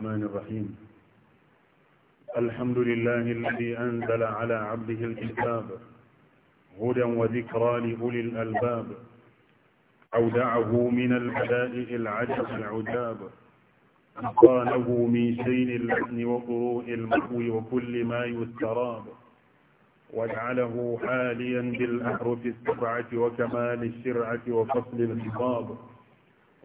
الرحمن الرحيم الحمد لله الذي أنزل على عبده الكتاب هدى وذكرى لأولي الألباب أودعه من البدائع العجب العجاب قاله من شين اللحن وقروء المحو وكل ما يستراب واجعله حاليا بالأحرف السبعة وكمال الشرعة وفصل الخطاب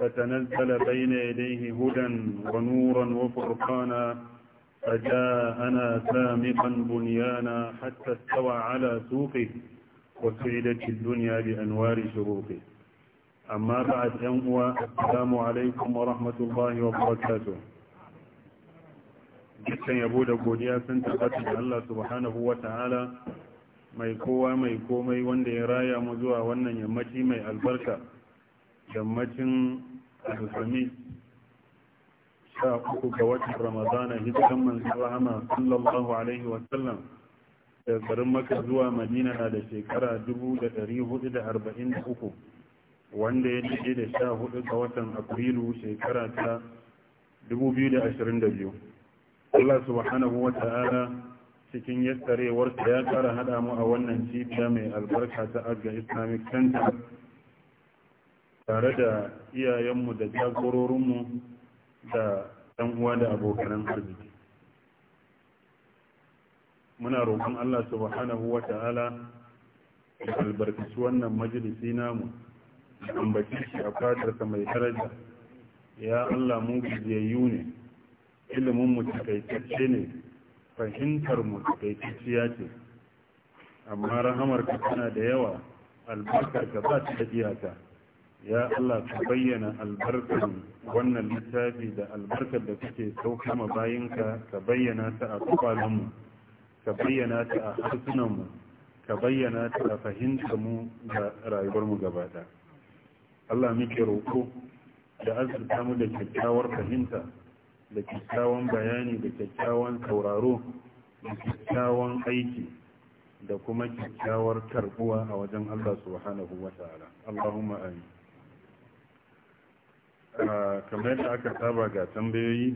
فتنزل بين يديه هدى ونورا وفرقانا فجاءنا سامقا بنيانا حتى استوى على سوقه وسعدت الدنيا بأنوار شروقه أما بعد يوم السلام عليكم ورحمة الله وبركاته dukkan yabo da godiya sun tabbata da Allah subhanahu wa ta'ala mai kowa mai komai wanda ya raya mu zuwa wannan yammaci mai albarka yammacin alhamis sha uku ga watan ramadana hijiran manzon rahama sallallahu alaihi wasallam da garin maka zuwa madina na da shekara 1443 wanda ya dace da sha hudu ga watan afrilu shekara ta 2022 Allah subhanahu wa ta'ala cikin yastarewarsa ya kara hada mu a wannan cibiya mai albarka ta Agga Islamic Center tare da iyayenmu da jagororinmu da ɗan uwa da abokanan arziki muna roƙon Allah subhanahu wa ta'ala da albarkaci wannan majalisi namu da ambaci shi a fatarsa mai daraja ya Allah mu gajiyayyu ne ilimin mu takaitacce ne fahimtar mu ce amma rahamar ka tana da yawa albarkar ka ba ta iyaka. iyaka ya Allah ka bayyana albarkar wannan littafi da albarkar da kake sauka ma bayinka ka bayyana ta a kwalanmu ka bayyana ta a harsunanmu ka bayyana ta a fahimtar mu da rayuwarmu gabata Allah muke roƙo da azurta mu da kyakkyawar fahimta da kyakkyawan bayani da kyakkyawan sauraro da kyakkyawan aiki da kuma kyakkyawar karbuwa a wajen Allah subhanahu wa ta'ala Allahumma amin kamar yadda aka saba ga tambayoyi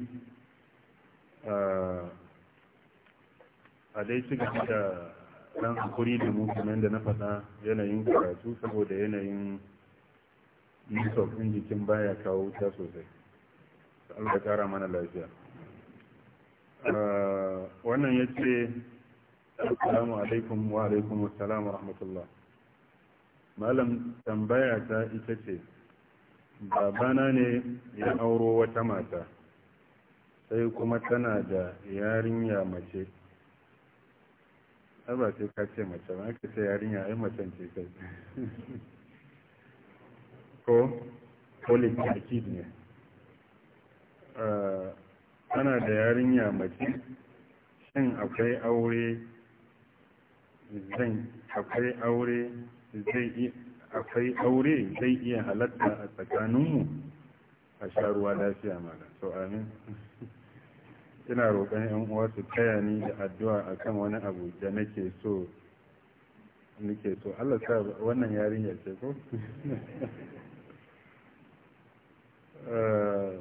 a dai ci gaba da ɗan hakuri da mu kamar yadda na faɗa yanayin karatu saboda yanayin nisof ɗin jikin baya kawo wuta sosai Allah kara mana lafiya wannan ya ce assalamu alaikum wa alaikum assalam rahmatullah malam tambaya ta ita ce babana ne ya auro wata mata sai kuma tana da yarinya mace ba sai ka ce mace ba ka ce yarinya ai macen ce kai ko polycarkid ne ah, tana da yarinya mace shin akwai aure zai akwai aure zai akwai aure zai iya halatta a tsakaninmu a sha ruwa lafiya mana so amin ina roƙon yan uwa su taya ni da addu'a akan wani abu da nake so nake so Allah sa wannan yarinya ce ko eh,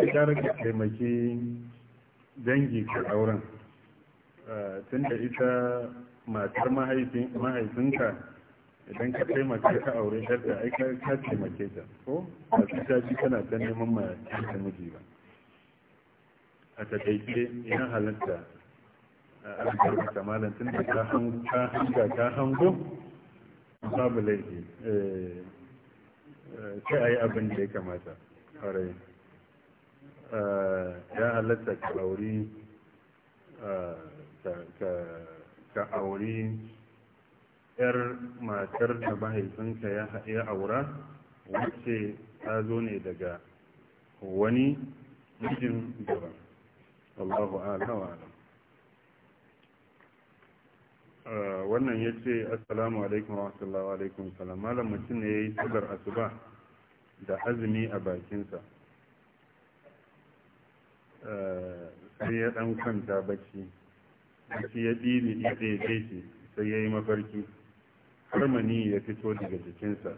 a gara ka taimaki dangi ka auren Eh, tun da ita matar mahaifinka idan ka taimaka ka aure yadda ai ka taimake ta ko a cuta ji tana ta neman ma ta miji ba a taƙaice ina halatta eh, a albarka malam tun da ka hanga ka hango babu laifi eh, sai a yi abin da ya kamata ƙwarai ya halatta ka aure ka auri yar matar da mahaifinka ya aura wacce ta zo ne daga wani mijin daban Allahu ala ah, wannan ya ce assalamu alaikum wa sallallahu alaikum salam malam mutum ne ya yi sabar asuba da azumi a bakinsa ah, sai ya dan kwanta bacci shi ya ɗini ya ɗaiɗe shi sai ya yi mafarki har ya fito daga jikinsa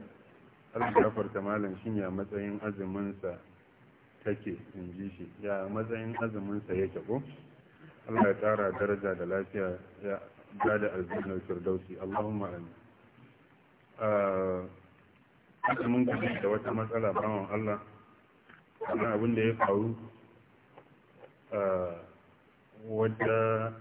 har gafarta malam shi ya matsayin azuminsa take in ji shi ya matsayin azuminsa ya ko Allah ya tara daraja da lafiya ya ba da aljannar firdausi Allahumma amin ah, azumin da wata matsala bawan Allah wannan abin da ya faru ah, wata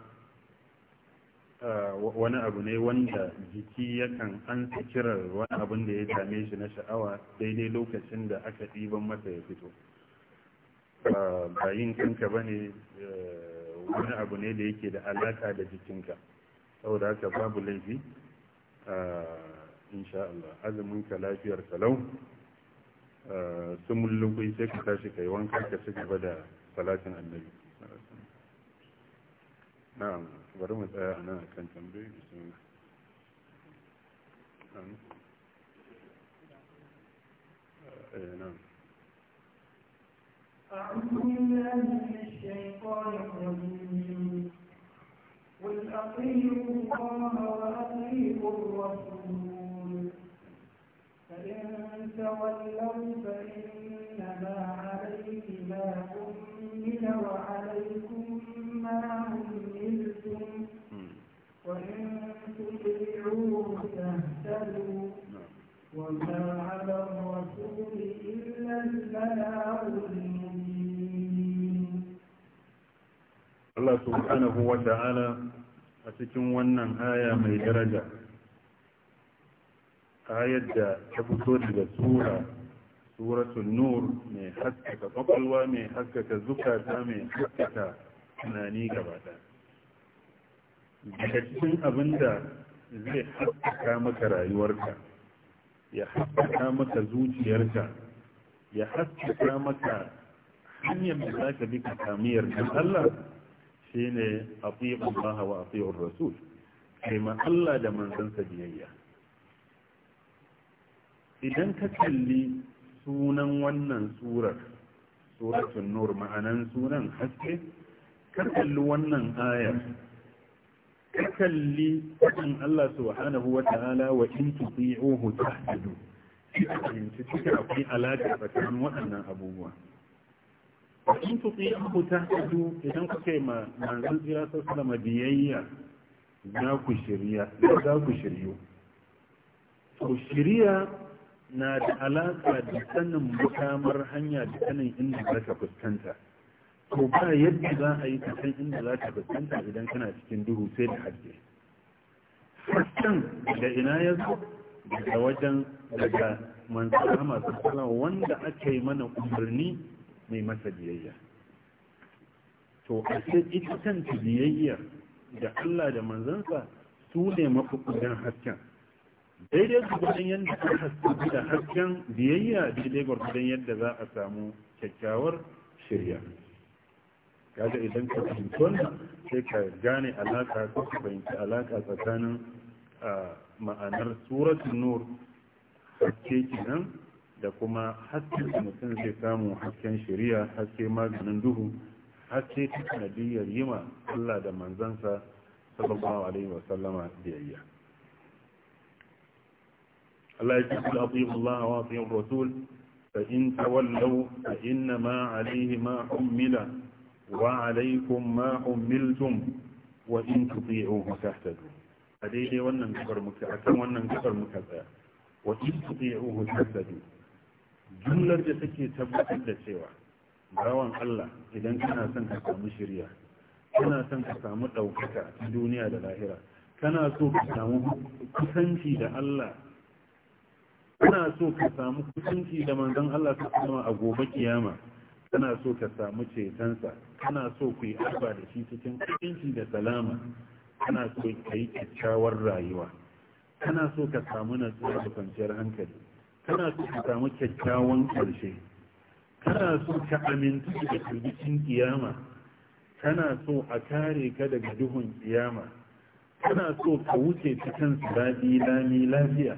wani abu ne wanda jiki yakan an kirar wani abun da ya dame shi na sha'awa daidai lokacin da aka ɗiban masa ya fito ba kanka ba ne eh, wani abu ne da yake da alaka da jikinka sau da aka babu laifi insha Allah azumin ka lafiyar salau sun mullukwai sai ka tashi kai wanka ka ci gaba da salatin annabi na'am برمي الآية أنا كان تنبيه بسم الله نعم آه، إيه، نعم أعوذ بالله من الشيطان الرجيم قل أطيعوا الله وأطيعوا الرسول فإن تولوا فإنما عليك ما حمل وعلى Allah subhanahu wa ta'ala a cikin wannan aya mai daraja ayar da ta fito daga tura suratul nur mai haskaka kwakwalwa mai haskaka zukata mai haskaka tunani gaba daga cikin abinda zai haskaka maka rayuwarka ya haskaka maka zuciyarka ya haskaka maka hanyar da za ka bi ka sami yardan Allah shi ne a fi'in wa a Rasul kai ma Allah da manzansa biyayya idan ka kalli sunan wannan surar suratun nur ma'anan sunan haske ka kalli wannan ayar kalli wajen Allah subhanahu wa ta'ala wa in tuti'uhu tahtadu fahimci cikin akwai alaƙa tsakanin waɗannan abubuwa wa in tuti'uhu tahtadu idan kuka yi manzon jira sallama biyayya za ku shirya za ku shiryo to shirya na da alaƙa da sanin mukamar hanya da sanin inda za ka fuskanta to ba yadda za a yi kasan inda za ka fuskanta idan kana cikin duhu sai da hajji fuskan daga ina ya zo daga wajen daga manzara masu sala wanda aka yi mana umarni mai masa biyayya to a sai ita kanta biyayya da Allah da manzansa su ne mafukudan hasken daidai gwargwadon yadda an haske da hasken biyayya daidai gudan yadda za a samu kyakkyawar shirya kaga idan ka fahimci wannan sai ka gane alaka ko ka fahimci alaka tsakanin ma'anar suratun nur haske kenan da kuma haske da mutum zai samu hasken shari'a haske maganin duhu haske ta yi ma Allah da manzansa sallallahu alaihi wa sallama biyayya Allah ya ce yin Allah wa yin Rasul fa in tawallaw fa inna ma alayhi ma ummila وعليكم ما حملتم وإن تطيعوه تهتدوا أديدي ونن كبر مكعكم ونن كبر مكعكم وإن تطيعوه تهتدوا جملة تكي تبقى سوى باوان الله إذا كنا سنحكى مشريا كنا سنحكى مدوكك في دنيا للآخرة kana so ka samu kusanci da Allah kana so ka samu kusanci da manzon Allah sallallahu alaihi wasallam a gobe kiyama kana so ka samu cetonsa kana so ku yi arba da shi cikin kudinci da salama tana so ka yi kyakkyawar rayuwa kana so ka samu natsuwa da kwanciyar hankali kana so ka samu kyakkyawan ƙarshe kana so ka aminta da turbicin kiyama kana so a kare ka daga duhun kiyama kana so ka wuce cikin siradi lami lafiya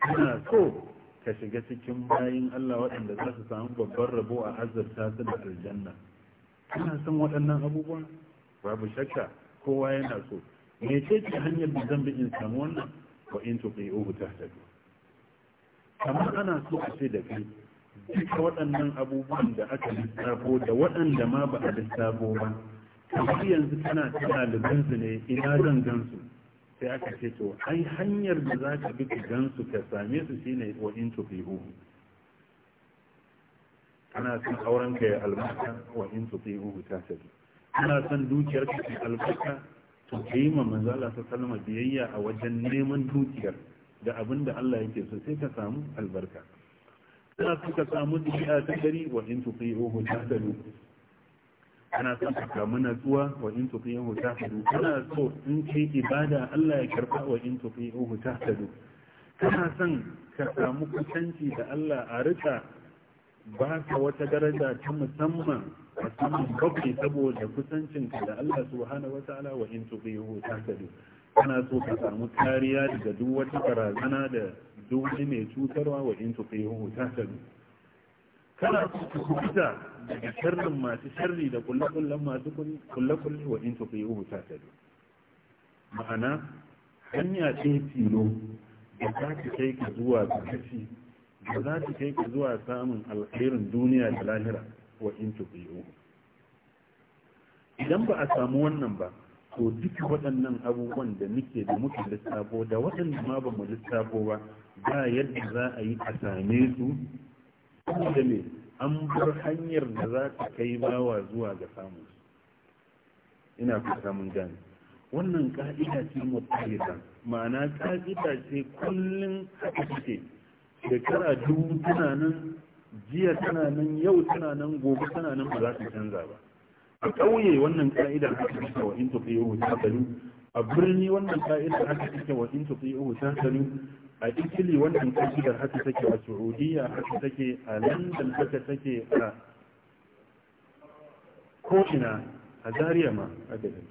kana so ka shiga cikin bayan Allah waɗanda za su samu babban rabo a azabta su da aljanna kana son waɗannan abubuwan babu shakka kowa yana so me ce ce hanyar da zan bi in samu wannan wa in ubu ta tahtadu kamar ana so a ce da kai duka waɗannan abubuwan da aka lissafo da waɗanda ma ba a lissafo ba kamar yanzu kana tana da ne ina zan gansu sai aka ce to ai hanyar da za ka bi gansu ka same su shine wa in tufihu ana son auren ka ya albarka wa in tufihu ta tafi ana son dukiyar ka ta albarka to kai ma manzo Allah ta sallama biyayya a wajen neman dukiyar da abin da Allah yake so sai ka samu albarka ana son ka samu dukiya ta gari wa in tufihu ta tafi kana son ka samu natsuwa wa in tuqihu tahtadu kana so in kai ibada Allah ya karfa wa in tuqihu tahtadu kana son ka samu kusanci da Allah a rika ba ka wata daraja ta musamman a saman bakwai saboda kusancinka da Allah subhanahu wata'ala wa in tuqihu tahtadu kana so ka samu kariya daga duk wata barazana da duk wani mai cutarwa wa in tuqihu tahtadu kana so daga sharrin masu sharri da kulle-kullen masu kulle-kulle wa in tafi yuhu ta tare ma'ana hanya ce tilo da za ta kai ka zuwa gaci da za ta kai ka zuwa samun alkhairin duniya da lahira wa in tafi yuhu idan ba a samu wannan ba to duk waɗannan abubuwan da muke da muke lissafo da waɗanda ma ba mu lissafo ba ba yadda za a yi a same su da me an bar hanyar da za ta kai bawa zuwa ga samun ina fata mun gane wannan ka'ida ce mutahira ma'ana ka'ida ce kullum haka take shekara dubu tana nan jiya tana nan yau tana nan gobe tana nan ba za ta canza ba a ƙauye wannan ka'ida haka take wa in tafi yau a birni wannan ka'ida haka take wa in tafi yau a italy wannan da haka take a saudiya haka take a london haka take a ko'ina a zariya ma haka take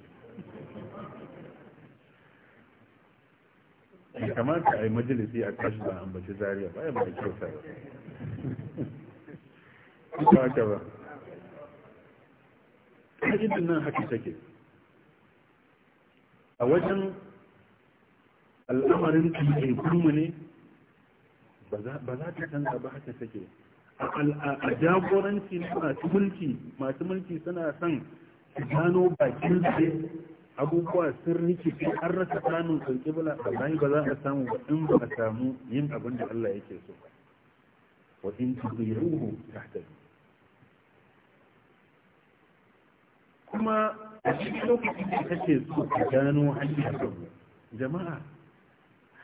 kamata a yi majalisi a kashi da an bace zariya ba ya ba da kyauta ba haka ba kashidin nan haka take a wajen al'amarin ɗaiɗaikunmu ne ba za ta canza ba haka take a jagoranci masu mulki masu mulki suna son su gano bakin su abubuwa sun rikice an rasa samun kalkibla a bayan ba za a samu ba in ba a samu yin abin da Allah yake so wa in tuziruhu tahtadu kuma a cikin lokacin da kake so ka gano hanyar jama'a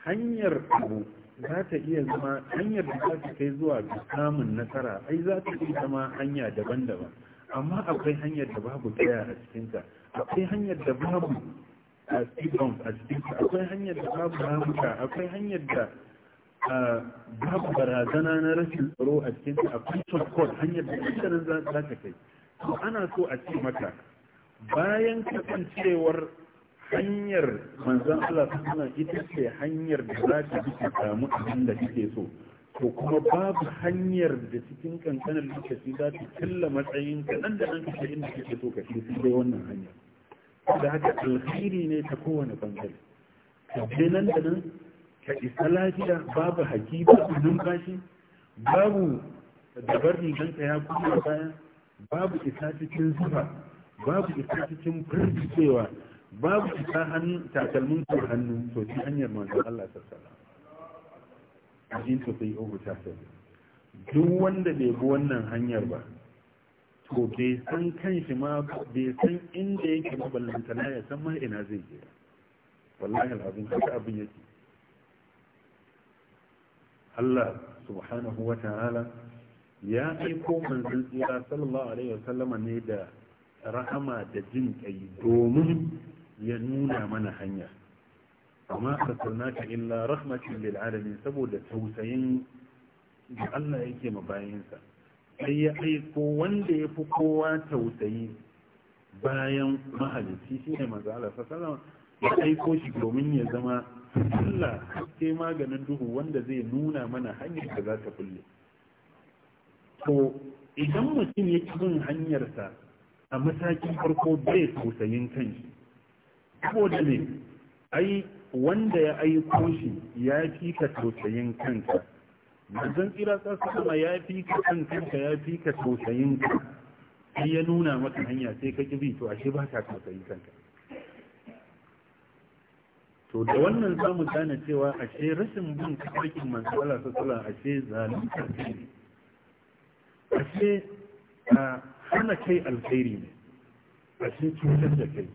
hanyar abu za ta iya zama hanyar da za ta kai zuwa ga samun nasara ai za ta iya zama hanya daban-daban amma akwai hanyar da babu tsaya a cikinta akwai hanyar da babu a cikin a cikinta akwai hanyar da babu ramuka akwai hanyar da babu barazana na rashin tsaro a cikinta akwai shortcut hanyar da nan za ta kai to ana so a ce maka bayan kasancewar hanyar manzan Allah suna ita ce hanyar da za ta bi samu abin da kike so to kuma babu hanyar da cikin kankanin lokaci za ta killa matsayin ka nan da nan kake inda kake so ka shi dai wannan hanyar da haka alkhairi ne ta kowane bangare ka je nan da nan ka isa lafiya babu haki babu numfashi babu dabar ka ya kuma baya babu isa cikin zuba babu isa cikin firgicewa babu ta hannu takalmin ko hannu to ta hanyar manzon Allah sallallahu alaihi wasallam ajin to sai ugu sai duk wanda bai bi wannan hanyar ba to bai san kanshi ma bai san inda yake maballanta na ya san ma ina zai je wallahi alazim haka abin yake Allah subhanahu wa ta'ala ya aiko manzon Allah sallallahu alaihi wasallam ne da rahama da jin kai domin ya nuna mana hanya amma ka illa rahmatin lil alamin saboda tausayin da Allah yake ma bayinsa sai ya aiko wanda ya fi kowa tausayi bayan mahalicci shine manzo Allah ya aiko shi domin ya zama Allah ke maganin duhu wanda zai nuna mana hanyar da za ta kulle to idan mutum ya bin hanyarsa a matakin farko bai tausayin kanshi saboda ne ai wanda ya aiko shi ya fi ka tausayin kanka manzon tsira sama ya fi ka kan kanka ya fi ka tausayin ka sai ya nuna maka hanya sai ka kibi to ashe ba ka tausayin kanka to da wannan zamu gane cewa ashe rashin bin kafarkin manzon Allah sallallahu ashe zalunta ne ashe a hana kai alkhairi ne ashe cutar da kai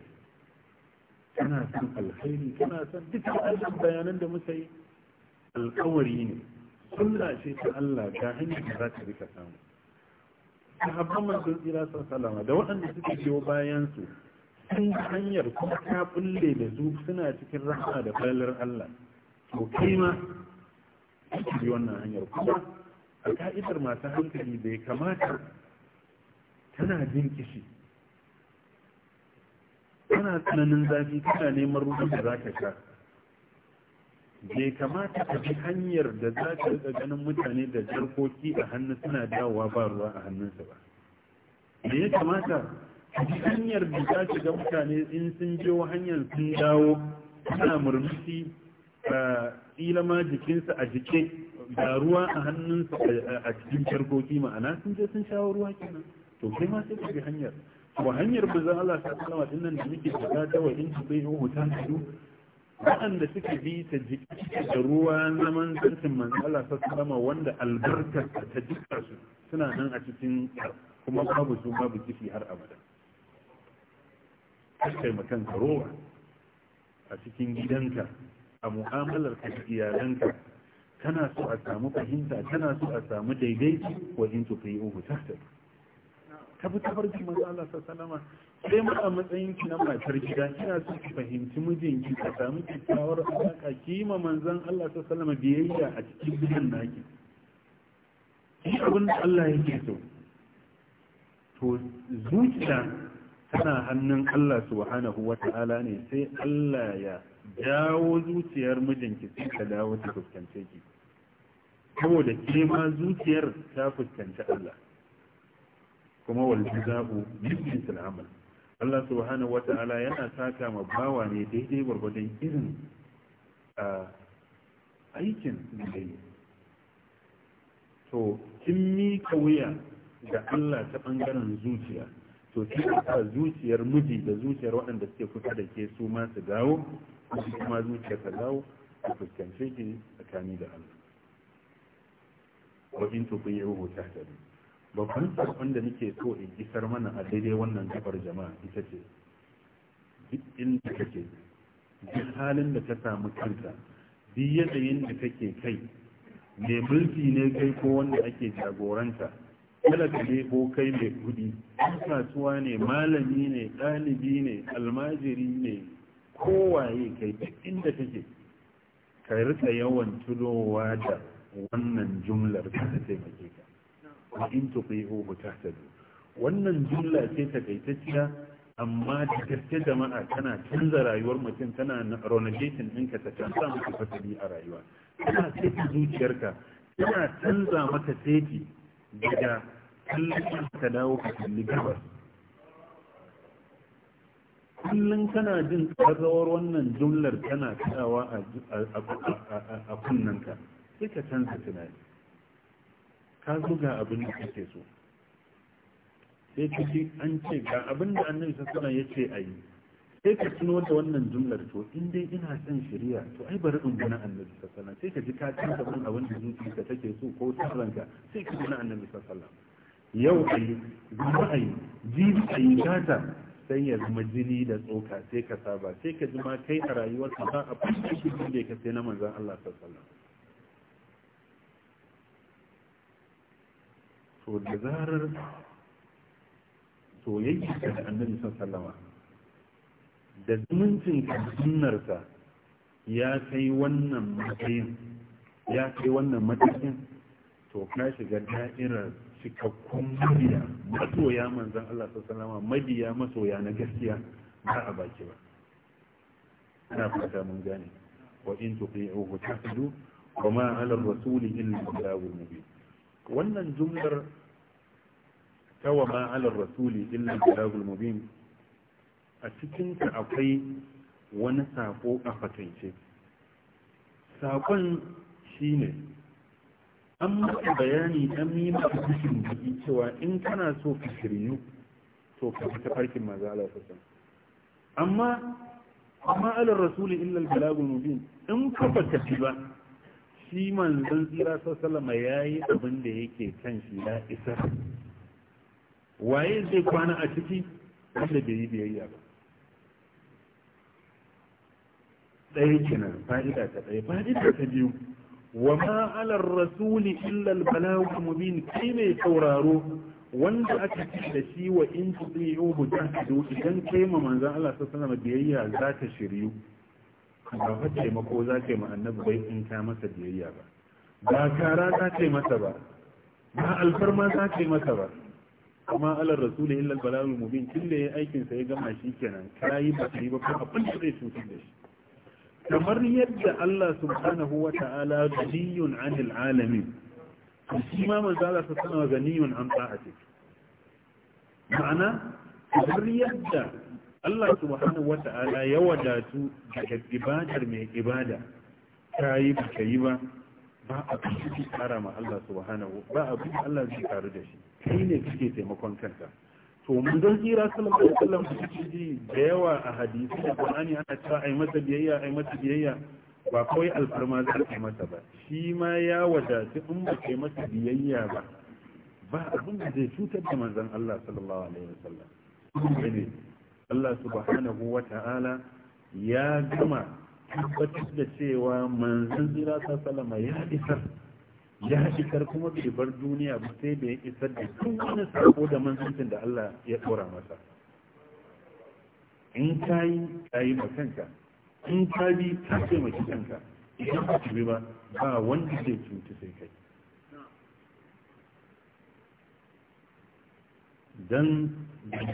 kana san alkhairi kana san duk wannan bayanan da muka yi alkawari ne sunna ce ta Allah ga hanyar da za ta rika samu sahabban manzon tsira sun salama da waɗanda suke biyo bayan su sun hanyar kuma ta bulle da su suna cikin rahama da falalar Allah to kai ma kake bi wannan hanyar kuma a ka'idar masu hankali bai kamata tana jin kishi kana tsananin zafi kana neman ruwan da za ka sha bai kamata ka bi hanyar da za ka rika ganin mutane da jarkoki a hannu suna dawowa ba ruwa a hannunsa ba da ya kamata ka bi hanyar da za ka ga mutane in sun je hanyar sun dawo suna murmushi a tsila ma jikinsa a jike da ruwa a hannunsa a cikin jarkoki ma'ana sun je sun shawo ruwa kenan to kai ma sai ka bi hanyar wa hanyar manzon Allah ta sallama din nan da muke shiga ta wajen in bai yi hutan su waɗanda suka bi ta jiki da ruwa zaman zancin manzon Allah ta wanda albarkar ta jika su suna nan a cikin kuma babu su babu kifi har abada kai makan ka roba a cikin gidanka a mu'amalar ka iyalanka kana so a samu fahimta kana so a samu daidaito wa in tuqi'uhu tahtak ta fi tafarki manzo Allah sallama sai mu a matsayin ki na matar gida kina so ki fahimci mijinki ka samu kyakkyawar alaka ki ma manzon Allah sallama biyayya a cikin gidan naki shi abin da Allah yake so to zuciya tana hannun Allah subhanahu wata'ala ne sai Allah ya jawo zuciyar mijinki sai ta dawo ta fuskance ki saboda ke zuciyar ta fuskanci Allah kuma wal jaza'u mithlu al-amal Allah subhanahu ta'ala yana saka ma bawa ne daidai gwargwadon irin a aikin da yayi to kin mika wuya ga Allah ta bangaren zuciya to kin sai zuciyar miji da zuciyar waɗanda suke kusa da ke su ma su dawo kuma zuciyar ta dawo a fuskance ki tsakani da Allah wa in ta tahtadu babban sakon da nake so in isar mana a daidai wannan gabar jama'a ita ce duk inda kake duk halin da ta samu kanta duk yanayin da kake kai mai mulki ne kai ko wanda ake jagoranta talaka ne ko kai mai kudi ɗan kasuwa ne malami ne ɗalibi ne almajiri ne kowaye kai duk inda kake ka rika yawan tulowa da wannan jumlar ka taimake ka wa in tuti'uhu tahtadu wannan jumla ce ta takaitacciya amma da gaske jama'a tana canza rayuwar mutum tana ronagetin ɗinka ta canza maka fasali a rayuwa tana saiti zuciyarka tana canza maka saiti daga kallon ka dawo ka kalli gabas kullum kana jin tsarrawar wannan jumlar tana kaɗawa a kunnanka sai ka canza tunani ka zo ga abin da kake so sai ka ce an ce ga abin da annabi sassana ya ce a yi sai ka tuno da wannan jumlar to in dai ina son shari'a to ai bari in guna annabi sassana sai ka ji ka ci gaban abin da ka take so ko tsaranka sai ka guna annabi sassana yau a yi zuwa a yi jibi a yi gata sai ya zama jini da tsoka sai ka saba sai ka ji ma kai a rayuwarka ba a fashe shi da ka sai na manzan Allah sassana to da zarar soyayya da annabi sallama da zumuncin sunnarsa ya kai wannan matsayin ya kai wannan matsayin to ka shiga da'irar cikakkun mabiya masoya manzan Allah salama mabiya masoya na gaskiya ba a baki ba ana fata mun gane wa in tuqi'uhu tahtadu wa ma 'ala ar-rasuli illa al-balagh al wannan jumlar ta wa ma'alar rasuli illa bilagul mubin a cikinta akwai wani sako a fatance sakon shine an maka bayani an yi maka cikin baki cewa in kana so ka to ka fita farkin maza ala sassan amma amma alar rasuli illa bilagul mubin in ka fata ba shi manzon tsira sallama ya yi abin da yake kan shi ya isa waye zai kwana a ciki wanda bai yi biyayya ba ɗaya kenan fa'ida ta ɗaya fa'ida ta biyu wa ma'alar rasuli al balawu mubin kai mai sauraro wanda aka ci da shi wa in tuɗi yau idan kai ma manzan Allah wasallam biyayya za ta shiryu ba fa taimako za ka ma annabi bai in ta masa biyayya ba ba kara za ka masa ba ba alfarma za ka masa ba kuma alar rasuli illal balagul mubin tun da ya aikin sa ya gama shi kenan kayi ba kai ba kuma abin da zai da shi kamar yadda Allah subhanahu wa ta'ala ganiyun anil alamin to shi ma manzo Allah subhanahu wa ganiyun an ta'ati ma'ana kamar yadda Allah subhanahu wata'ala ya wadatu daga ibadar mai ibada ta yi ba yi ba ba a kusurci kara ma Allah subhanahu ba a kusurci Allah zai karu da shi kai ne kake taimakon kanta? to mun don tsira sallallahu alaihi wasallam suke ji da yawa a hadisi da Qur'ani ana cewa ai masa biyayya ai masa biyayya ba kawai alfarma za ka masa ba shi ma ya wadatu in ba kai masa biyayya ba ba abin da zai cutar da manzon Allah sallallahu alaihi wasallam Allah subhanahu wa ta'ala ya gama tabbatar da cewa manzon jira ta salama ya isar ya isar kuma bai bar duniya ba sai da ya isar da duk wani sako da manzancin da Allah ya tsora masa in ka yi ma kanka in ka bi ka ma kanka idan ba bi ba ba wanda zai cuta sai kai dan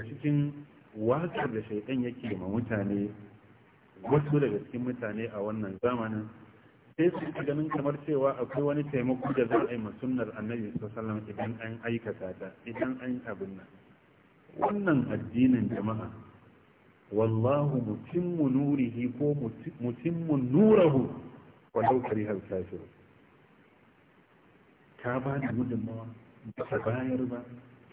cikin wakar da shaidan yake ma mutane wasu daga cikin mutane a wannan zamanin sai su ci ganin kamar cewa akwai wani taimako da za a yi masunnar annabi Salam idan an aikata ta idan an abin nan wannan addinin jama'a wallahu mutimmu nurihi ko mutimmu nurahu yi karihal kafir ka ba da gudunmawa ba bayar ba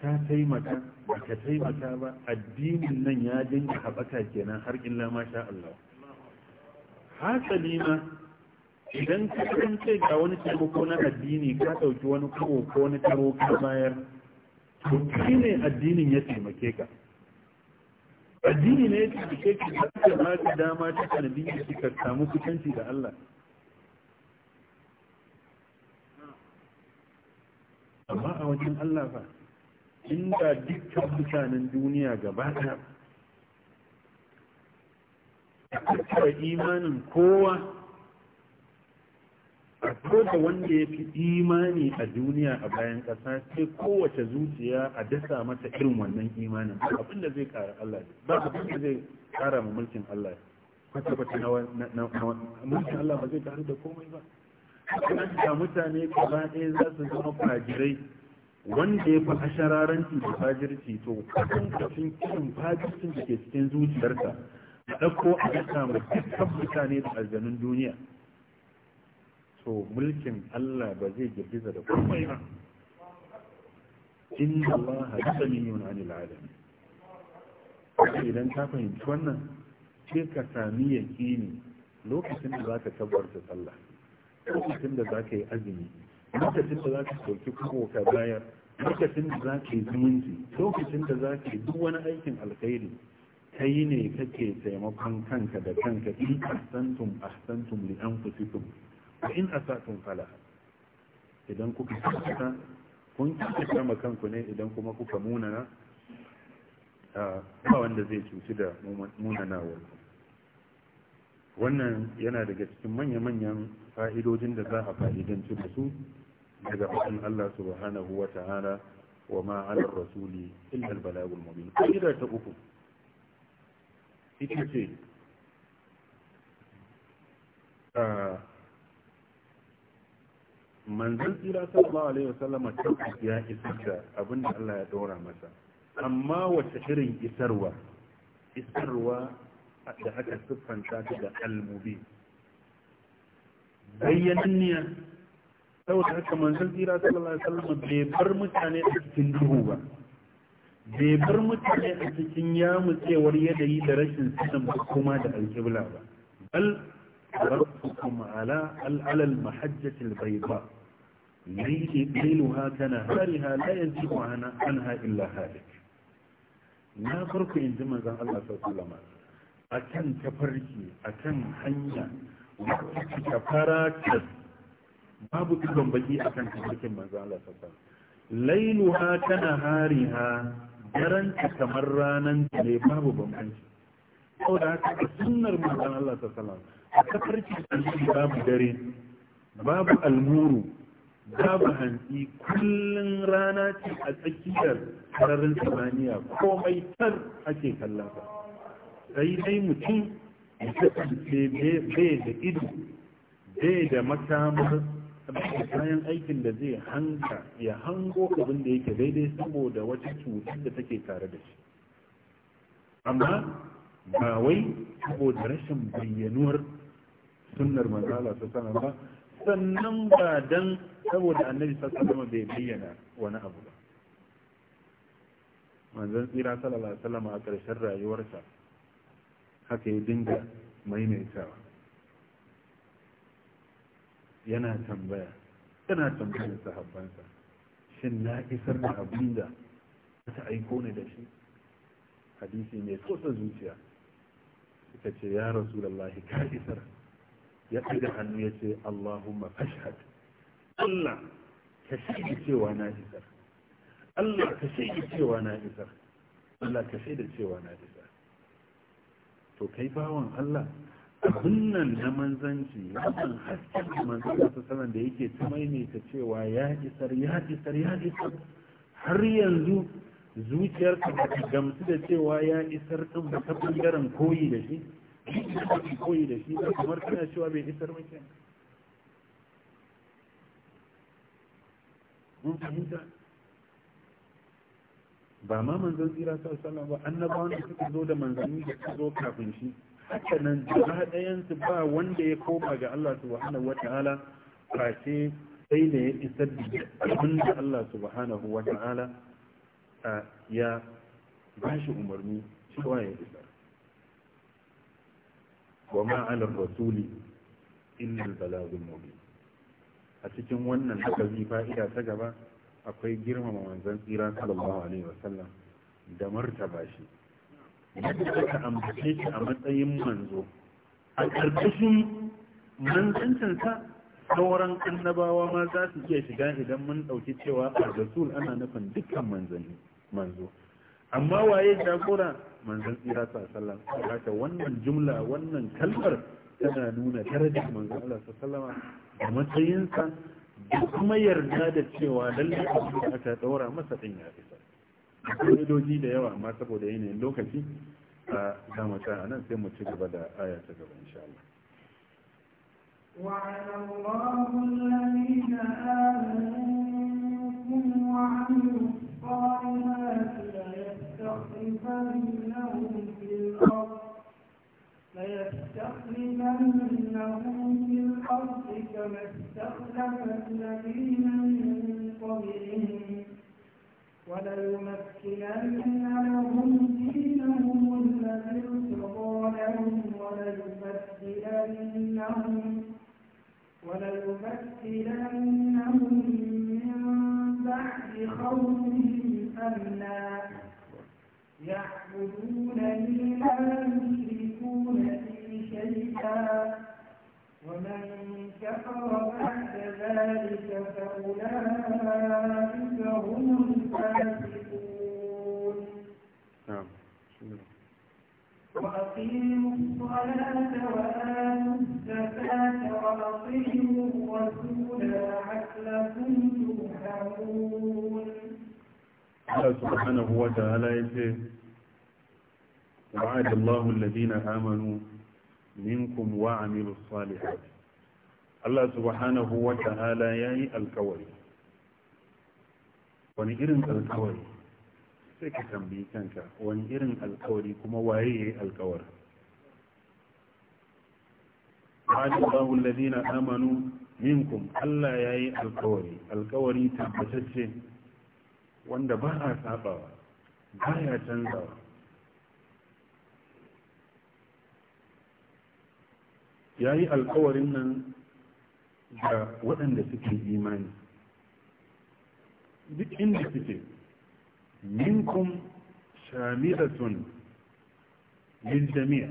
ta taimaka ba ka taimaka ba addinin nan ya dinga haɓaka kenan har illa ma sha Allah hasali ma idan ka san ce ga wani taimako na addini ka ɗauki wani kowo ko wani taro ka bayar to kai ne addinin ya taimake ka addini ne ya taimake ka ta ba ka dama ta sanadiyyar ka samu kusanci da Allah amma a wajen Allah ba inda dukkan mutanen duniya gaba ɗaya a tattara imanin kowa a da wanda ya fi imani a duniya a bayan ƙasa sai kowace zuciya a dasa mata irin wannan imanin abin da zai ƙara Allah ba abin da zai ƙara ma mulkin Allah kwata-kwata na mulkin Allah ba zai ƙaru da komai ba Kuma mutane gaba ɗaya za su zama fajirai wanda ya fi shararanci da fajirci to kafin kafin kiran fajircin da ke cikin zuciyarsa da ɗauko a ɗauka mai dukkan mutane da aljanun duniya to mulkin Allah ba zai girgiza da komai ba inna Allah yusallimun anil alamin idan ka fahimci wannan sai ka sami yakini lokacin da za zaka tabbarta sallah lokacin da za ka yi azumi lokacin da za ka soki kuma ka bayar lokacin da za ka yi zumunci lokacin da za ka yi duk wani aikin alkhairi ta yi ne kake taimakon kanka da kanka in ahsantum ahsantum li anfusikum ko in asatum fala idan kuka kusa kun kika kama kanku ne idan kuma kuka munana ba wanda zai cuci da munanawarku wannan yana daga cikin manya-manyan fa'idojin da za a fa'idanci da su daga bakin Allah subhanahu wa ta'ala wa ma ala rasuli illa albalagul mubin kaida ta uku ita ce manzon tsira sallallahu alaihi wasallam ta ya isar da abin da Allah ya dora masa amma wace irin isarwa isarwa da aka siffanta ta da almubi bayyananniya saboda haka manzon tsira sallallahu alaihi bai bar mutane a cikin duhu ba bai bar mutane a cikin yamutsewar yi da rashin sanin ba kuma da alƙibla ba bal rabbukum ala alal mahajjati albayda lailuha kana hariha la yanzihu anha illa halik na farko in ji manzon Allah sallallahu alaihi a kan tafarki a kan hanya wata fara tas babu tuban baki akan tafarkin manzo Allah sallallahu alaihi tana hariha daren kamar ranar ta ne babu bambanci saboda haka sunnar manzo Allah sallallahu alaihi wasallam a tafarkin babu dare babu almuru babu hantsi kullum rana ce a tsakiyar sararin samaniya komai tar ake kallon sai dai mutum ya kasance bai da ido bai da makamar kayan aikin da zai hanga ya hango abin da yake daidai saboda wata cutar da take tare da shi amma ba wai saboda rashin bayyanuwar sunnar manzala su sana ba sannan ba dan saboda annabi zama bai bayyana wani abu ba manzan tsira sallallahu a ƙarshen rayuwarsa haka ya dinga maimaitawa yana tambaya yana tambaya sahabbansa shin na isar da abin da ta aiko ni da shi hadisi mai tsosa zuciya suka ce ya rasu rasulallahi ka isar ya ɗaga hannu ya ce allahumma fashhad allah ka shaida cewa na isar allah ka shaida cewa na isar allah ka shaida cewa na isar to kai bawan allah sunnan na manzanci wannan hasken da manzanci su sanar da yake ta maimaita cewa ya isar ya isar ya isar har yanzu ka ba ta gamsu da cewa ya isar ɗin ba ta ɓangaren koyi da shi koyi da shi ba kamar tana cewa bai isar ba mun fahimta ba ma manzan tsira sallallahu ba annabawan da suka zo da manzanni da suka zo kafin shi haka nan gaba ɗayansu ba wanda ya koma ga Allah subhanahu wata'ala face sai da ya isa da abin da Allah subhanahu wata'ala ya ba shi umarni cewa ya isar wa ma'alar rasuli illal balagul mobi a cikin wannan hakazi fa'ida ta gaba akwai girmama manzon tsira sallallahu alaihi wasallam da martaba shi yadda aka ambace shi a matsayin manzo a ƙarƙashin manzancinsa sauran annabawa ma za su iya shiga idan mun ɗauki cewa a rasul ana nufin dukkan manzanni manzo amma waye jagora manzan tsira sa sallam haka wannan jumla wannan kalmar tana nuna darajar manzan Allah sallama da matsayinsa da kuma yarda da cewa lallai abin da aka ɗaura masa ɗin ya isa ƙa'idoji da yawa amma saboda yanayin lokaci a dama ta nan sai mu ci gaba da aya ta gaba insha Allah وعلى الله الذين آمنوا وعملوا الصالحات ليستخلفنهم في الأرض ليستخلفنهم في الأرض كما استخلف الذين من قبلهم وليمكنن لهم دينهم الذي ارتضى لهم وليبدلنهم وليمكننهم من بعد خوفهم أمنا يعبدونني لا يشركون بي شيئا ومن كفر بعد ذلك فأولئك هم الفاسقون نعم، وأقيموا الصلاة وآتوا الزكاة وأطيعوا الرسول لعلكم ترحمون Allah subhanahu wa ta'ala ya ce, Wa'ad Allahu alladhina minkum wa amilu salihat Allah subhanahu wa ta'ala yayi alkawari wani irin alkawari sai ka tambayi kanka wani irin alkawari kuma waye ya yi yayi alkawari Allahu alladhina amanu minkum Allah ya yayi alkawari alkawari tabbatacce wanda ba a sabawa ba ya canzawa ya yi alkawarin nan ga waɗanda suke imani duk inda suke minkum shamilatun jami'a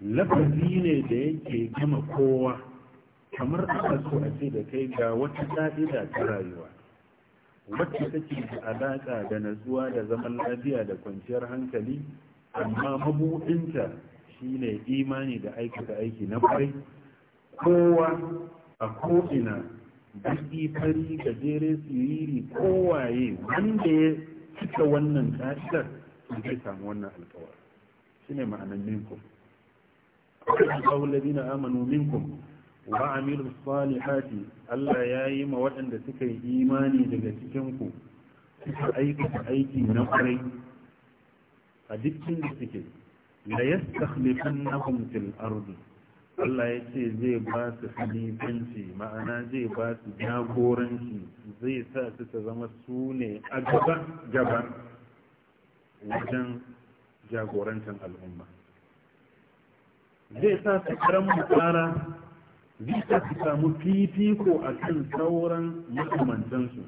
lafazi ne da yake gama kowa kamar ana so a ce da kai ga wata ƙa'ida ta rayuwa wacce take da alaƙa da natsuwa da zaman lafiya da kwanciyar hankali amma mabuɗinta shine imani da aikata aiki na kwarai kowa a ko'ina duk fari da jere siriri kowaye wanda ya cika wannan ka'idar zai samu wannan alkawar shine ma'anan minkum qawl na amanu minkum wa amilu salihati Allah ya yi ma waɗanda suka yi imani daga cikinku suka aikata aiki na kwarai a dukkan da suke la yastakhlifannahum fil ardi Allah ya ce zai ba su halifanci ma'ana zai ba su jagoranci zai sa su ta zama su a gaba gaba wajen jagorancin al'umma zai sa su karan mutara zai sa su samu fifiko a kan sauran makamantansu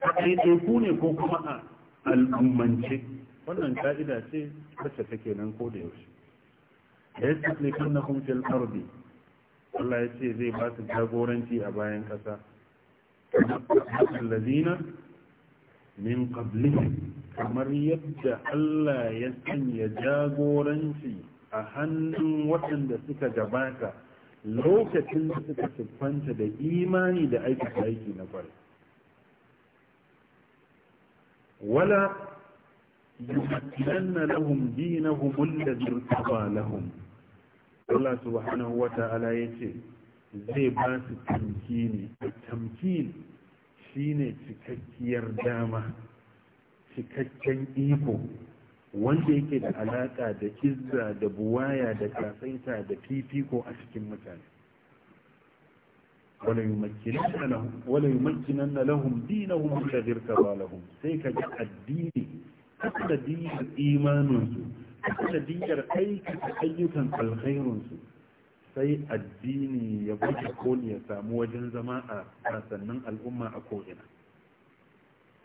a ɗaiɗaiku ne ko kuma a al'ummance wannan ka'ida ce wacce take nan ko da yaushe da ya tafi na kumfil ardi Allah ya ce zai ba su jagoranci a bayan ƙasa allazina min qablihim kamar yadda Allah ya sanya jagoranci a hannun waɗanda suka gabata lokacin da suka siffanta da imani da aiki aiki na kwarai wala yumakkinanna lahum dinahum alladhi irtaba lahum Allah subhanahu wa ta'ala yace zai ba su tamkini tamkin shine cikakkiyar dama cikakken iko wanda yake da alaka da kizza, da buwaya da kasaita da fifiko a cikin mutane wala yumakkinanna lahum dinahum alladhi irtaba lahum sai ka ga addini kasadiyar imaninsu kasadiyar aikata ayyukan alkhairunsu sai addini ya buɗe koli ya samu wajen zama a sannan al'umma a ko'ina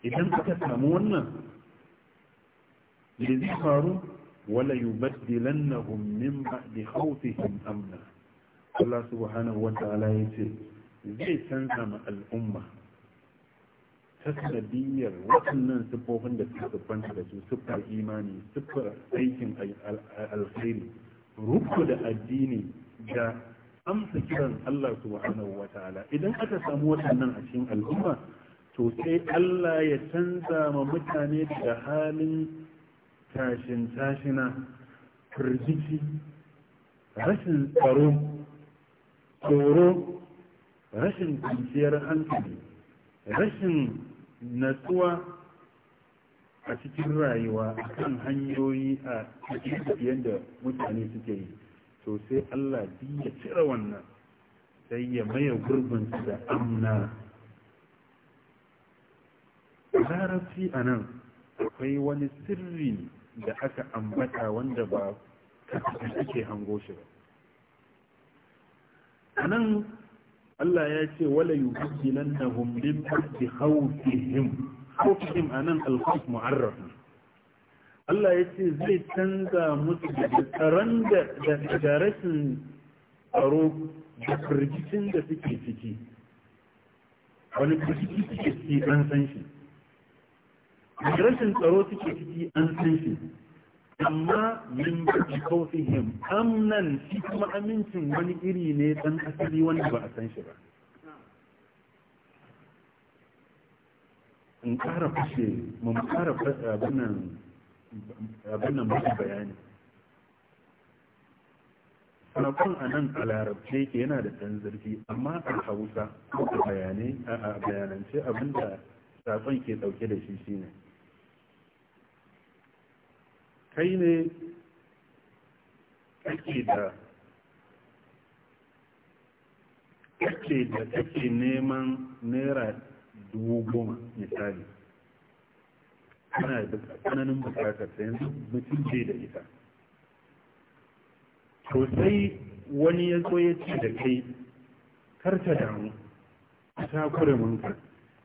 idan aka samu wannan me zai faru wala yubaddilannahum min ba'di khawfihim amna Allah subhanahu wa ta'ala ce zai canza ma al'umma ta sanadiyar waɗannan siffofin da suka siffanta da su siffar imani siffar aikin alkhairi ruku da addini da amsa kiran Allah subhanahu wa ta'ala idan aka samu waɗannan a cikin al'umma to sai Allah ya canza ma mutane da halin tashin tashina firgici rashin tsaro tsoro rashin kwanciyar hankali rashin natsuwa a cikin rayuwa a kan hanyoyi a cikin da mutane suke yi to sai Allah duk ya cire wannan sai ya maye gurbin da amna larabci a nan akwai wani sirri da aka ambata wanda ba kasa ake hango shi ba a nan Allah ya ce wala yuhzinannahum bi ba'di khawfihim khawfihim anan al-khawf mu'arraf Allah ya ce zai canza musu da tsaron da rashin tsaro da firgicin da suke ciki wani firgici suke ciki an san shi rashin tsaro suke ciki an san shi amma min baki kawfihim amnan shi kuma amincin wani iri ne dan asali wanda ba a san shi ba in ƙara fashe mun ƙara abin nan bayani sanakon a nan a larabce ke yana da ɗan zurfi amma a hausa ko a bayanance abinda saƙon ke ɗauke da shi shine kai ne kake da kake da kake neman naira dubu goma misali kana da tsananin bukatar da yanzu mutum ce da ita to sai wani ya zo ya ce da kai kar ta damu ta kure munka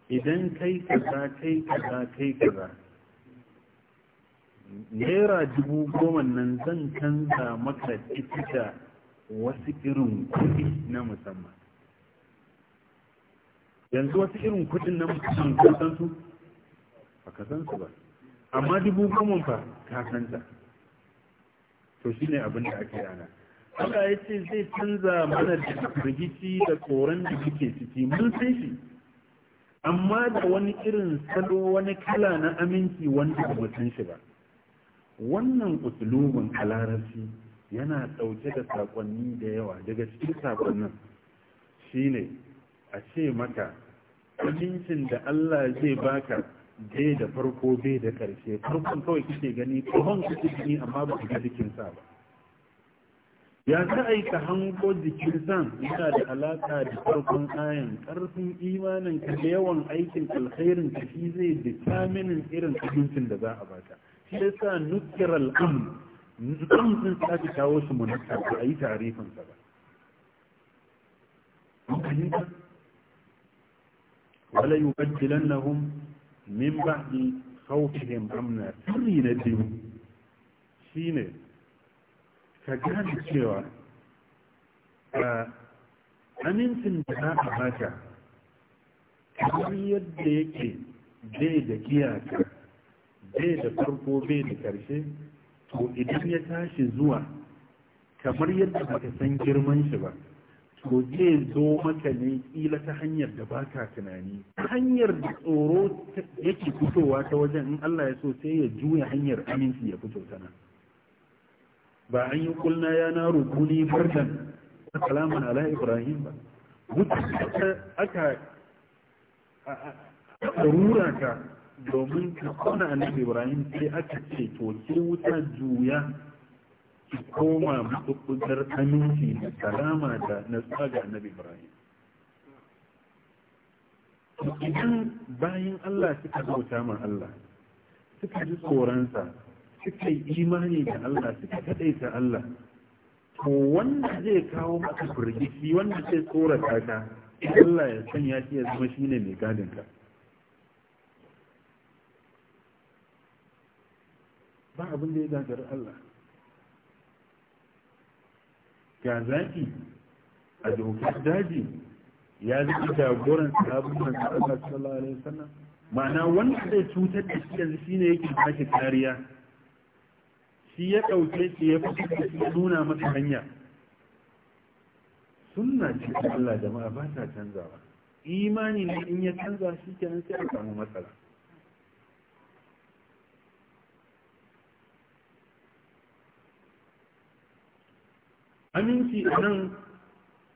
idan kai kaza kai kaza kai kaza naira dubu goma nan zan canza maka ita da wasu irin kuɗi na musamman yanzu wasu irin kudin na musamman ka san su ba ka san su ba amma dubu goma fa ka san ta to shi ne abin da ake rana Allah ya ce zai canza mana da rigici da tsoron da kuke ciki mun san shi amma da wani irin salo wani kala na aminci wanda ba mu san shi ba wannan usulubin a yana ɗauke da saƙonni da yawa daga cikin saƙonnin shine a ce maka abincin da Allah zai baka je da farko bai da ƙarshe farkon kawai kike gani tsohon kike gani amma ba ga jikin sa ba ya ta aika hanko jikin san yana da alaka da farkon ayan ƙarfin imanin ka da yawan aikin alkhairin ka shi zai determinin irin abincin da za a baka shi ya sa nukirar am sun din sa kawo su munakka ba a yi tarifin sa ba wala yubaddilannahum min ba'di khawfihim amna sirri na biyu shine ka gane cewa amincin da za a baka kamar yadda yake zai da iyaka bai da farko bai da ƙarshe to idan ya tashi zuwa kamar yadda baka san girman shi ba to zai zo maka ne kila ta hanyar da baka tunani hanyar da tsoro yake fitowa ta wajen in Allah ya so sai ya juya hanyar aminci ya fito tana ba an yi kulna ya na rukuni bardan salaman ala ibrahim ba wuce aka rura ka domin ka kona annabi ibrahim sai aka ce to ke wuta juya ki koma matsubbugar aminci da salama da nasa ga annabi ibrahim idan bayan allah suka bauta ma allah suka ji tsoronsa suka yi imani da allah suka kaɗaita allah to wanda zai kawo maka firgici wanda zai tsorata ka Allah ya sanya shi ya zama shine mai gadinka ba abin da ya gagari Allah ga zaki a dokar daji ya zaki jagoran sabon da Allah sallallahu alaihi wasallam ma'ana wanda zai cutar da shi yanzu shine yake baki kariya shi ya dauke shi ya fitar da shi nuna masa hanya sunna ce Allah jama'a ba ta canzawa imani ne in ya canza shi kenan sai a samu matsala aminci a nan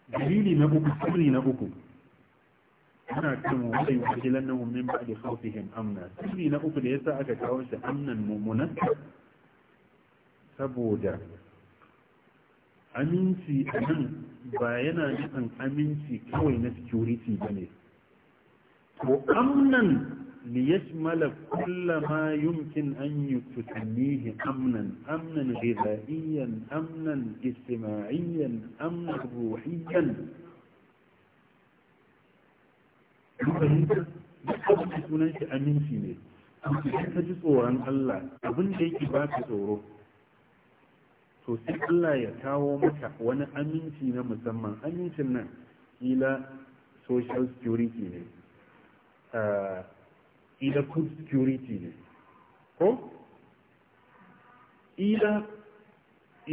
dalili na uku sirri na uku ana kan wani wajilan na mummin ba da saufihim amna sirri na uku da yasa aka kawo shi amnan mummuna saboda aminci a nan ba yana nufin aminci kawai na security ba ne ko amnan ليشمل كل ما يمكن أن تسميه أمنا أمنا غذائيا أمنا اجتماعيا أمنا روحيا sunan shi aminci ne ka ji tsoron Allah abin da yake ba ka tsoro Sosai Allah ya kawo maka wani aminci na musamman amincin nan ila social security ne ila food security ne ko ila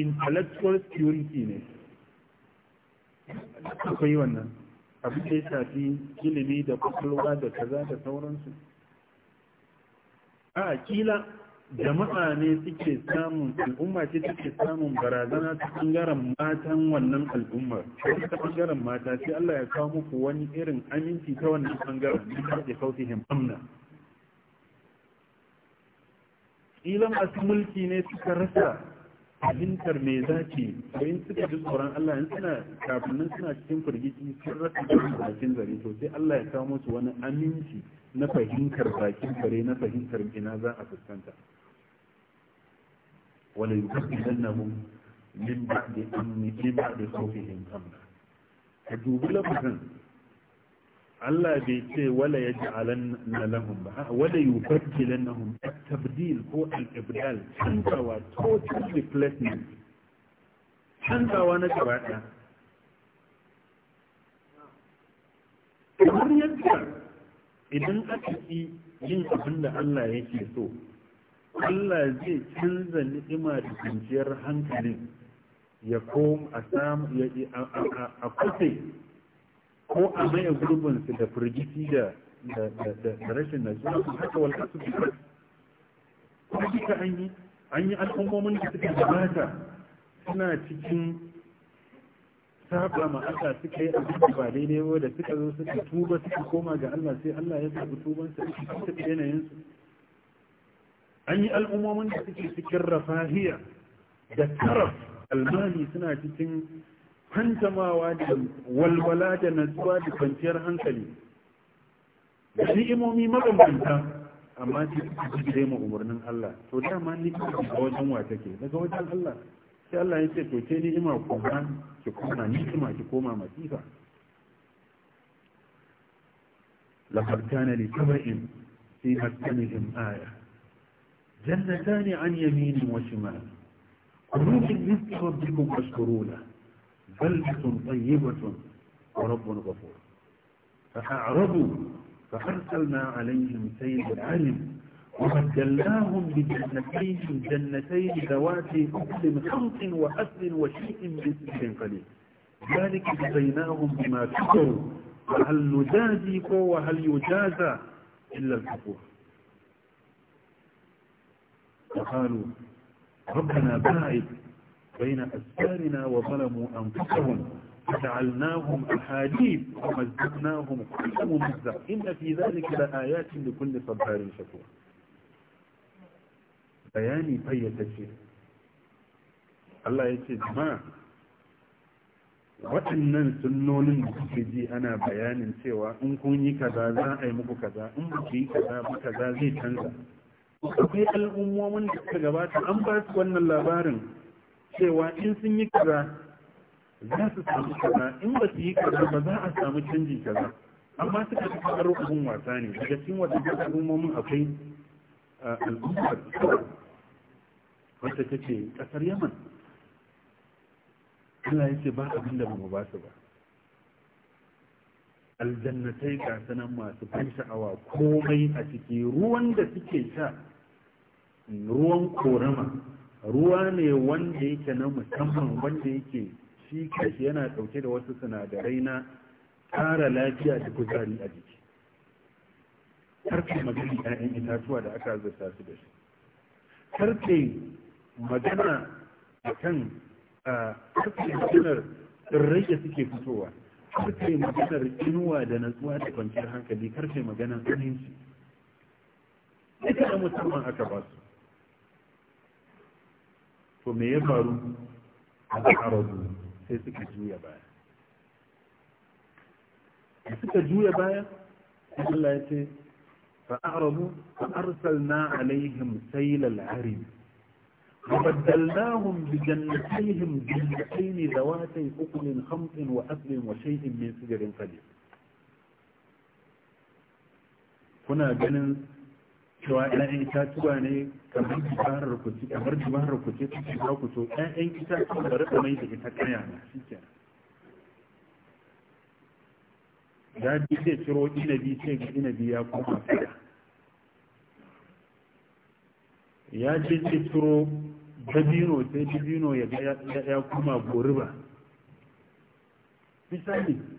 intellectual security ne akwai wannan abin da ya shafi ilimi da kwakwalwa da kaza da sauransu a kila jama'a ne suke samun al'umma ce take samun barazana ta bangaren matan wannan al'ummar ta bangaren mata sai Allah ya kawo muku wani irin aminci ta wannan bangaren ne ta kauce him amna ƙila masu mulki ne suka rasa fahimtar me zaki bayan suka ji tsoron Allah in suna kafin suna cikin firgici sun rasa bakin zare to sai Allah ya kawo musu wani aminci na fahimtar bakin zare na fahimtar gina za a fuskanta Wani yukaddinahum min ba'di amni min amna ka dubi lafazin Allah bai ce wala ya ji alan na lahun ba wala yi bakkilan na a tabdil ko al-ibdal canzawa total replacement canzawa na gaba ɗaya kamar yadda idan aka yi yin abin da Allah yake so Allah zai canza ni'ima da kwanciyar hankalin ya koma a samu a kusa ko a maye gurbinsu da firgiti da rashin nasuwa su haka walƙasu da kwas kuma duka an yi an yi al'ummomin da suka gabata suna cikin saba ma suka yi abin da ba daidai ba da suka zo suka tuba suka koma ga Allah sai Allah ya sabu tubansa suka tafi yanayinsu an yi al'ummomin da suke cikin rafahiya da taraf almani suna cikin Hantamawa da walwala da natsuwa da kwanciyar hankali da ni'imomi mabambanta amma sai suka ji dai ma umarnin Allah to dama ni a wajen wa take daga wajen Allah sai Allah ya ce to ke ni'ima kuma ki koma ni'ima ki koma masifa لقد كان لسبع في مسكنهم آية جنتان عن يمين وشمال كلوا من رزق ربكم واشكروا له بلدة طيبة ورب غفور فأعرضوا فأرسلنا عليهم سيد العلم وبدلناهم بجنتين جنتين ذوات أكل خمط وأكل وشيء من قليل ذلك جزيناهم بما كفروا وهل نجازي وهل يجازى إلا الكفور وقالوا ربنا باعد بين أسفارنا وظلموا أنفسهم فجعلناهم أحاديث ومزقناهم كل ممزق إن في ذلك لآيات لكل صبار شكور بياني فيتشي الله يشهد ما waɗannan sunnonin da suke ji ana bayanin cewa in kun yi kaza za a yi muku kaza in ba ku yi kaza ba kaza zai canza akwai al'ummomin da suka gabata an ba su wannan labarin cewa in sun yi kaza za su samu kaza in ba su yi kaza ba za a samu canjin kaza amma suka fi kamar abun wasa ne daga cikin da al'ummomin akwai al'ummar wata ta ce ƙasar yaman Allah ya ce ba abin da ba mu ba su ba aljannatai ga sanan masu ban sha'awa komai a ciki ruwan da suke sha ruwan korama ruwa ne wanda yake na musamman wanda yake shi kashi yana ɗauke da wasu sinadarai na ƙara lafiya da kuzari a jiki karfe magana ƴaƴan itatuwa da aka zata su da shi karfe magana a kan karfe maganar tsirrai da suke fitowa karfe maganar inuwa da natsuwa da kwanciyar hankali karfe maganar aminci duka na musamman aka ba su to me ya faru a arabu sai suka juya baya da suka juya baya Allah ya ce fa'arabu fa'arsalna alaihim sailal arim وبدلناهم بجنتيهم جنتين ذواتي أكل خمط وأكل وشيء من سجر قليل kuna ganin cewa ‘ya'yan itatuwa ne kamar jibahar rukuce kamar jibahar rukuce su ce za ku so ‘ya'yan itatuwa da rika mai da ita kaya na shi ke ya ji sai ciro inabi ce ga inabi ya kuma kaya ya ce sai ciro dabino sai dabino ya kuma goriba misali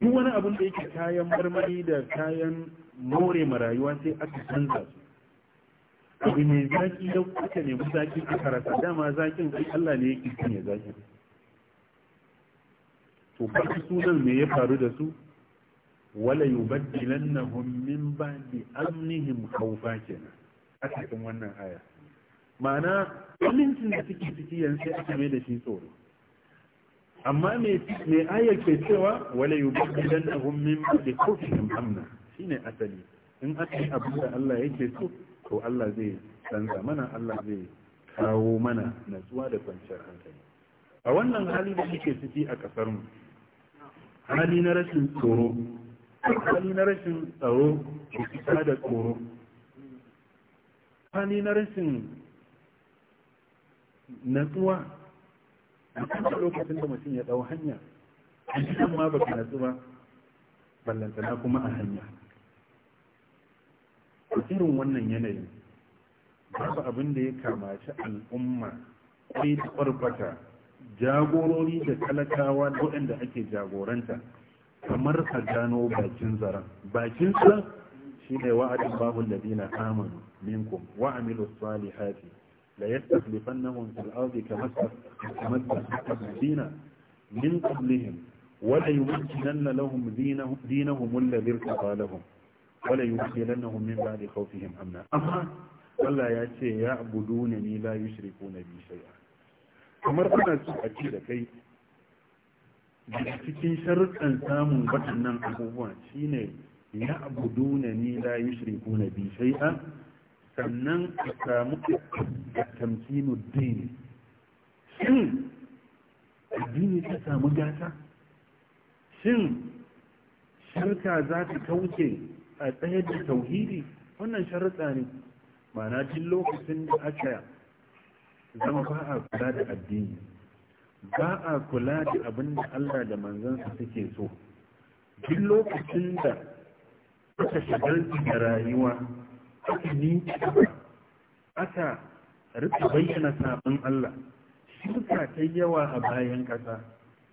duk wani abin da yake kayan marmari da kayan more marayuwa sai aka canza su abu mai zaki da kuka nemi zaki aka karasa dama zakin sai Allah ne yake cinye zakin to farko sunan me ya faru da su wala yubaddilannahum min ba'di amnihim khawfa kenan a cikin wannan aya ma'ana kullun da suke ciki yanzu sai aka mai da shi tsoro amma mai ayar ke cewa wale yi bukidan ahun min da kofin amna shi asali in aka yi abin da Allah yake so to Allah zai canza mana Allah zai kawo mana natsuwa da kwanciyar hankali a wannan hali da muke ciki a kasar mu hali na rashin tsoro hali na rashin tsaro cuta da tsoro hali na rashin natsuwa a lokacin da mutum ya ɗau hanya a ma baka natsu ba ballantana kuma a hanya a irin wannan yanayin babu abin da ya kamaci al'umma kai da jagorori da talakawa waɗanda ake jagoranta kamar a gano bakin zaren bakin zaren shi ne wa'adin babu ladina amanu minkum wa amilu salihati la yastakhlifannahum fil ardi kama istakhlafna dina min qablihim wa la yumakkinanna lahum dinahum alladhi irtaqa lahum wa la yumakkinannahum min ba'di khawfihim amna amma Allah ya ce ya ni bi kamar kana so a ce da kai daga cikin sharuɗan samun waɗannan abubuwa shine ya abuduna ni la na bi shay'a sannan ka samu da tamkinu dini shin addini ta samu gata shin shirka za ta kauce a tsayar da tauhidi wannan sharuɗa ne mana cin lokacin da aka zama ba a kula da addini ba a kula da abin da allah da manzansa suke so duk lokacin da aka shigar da rayuwa aka ninka aka rika bayyana sabon Allah Shuka ta yawa a bayan ƙasa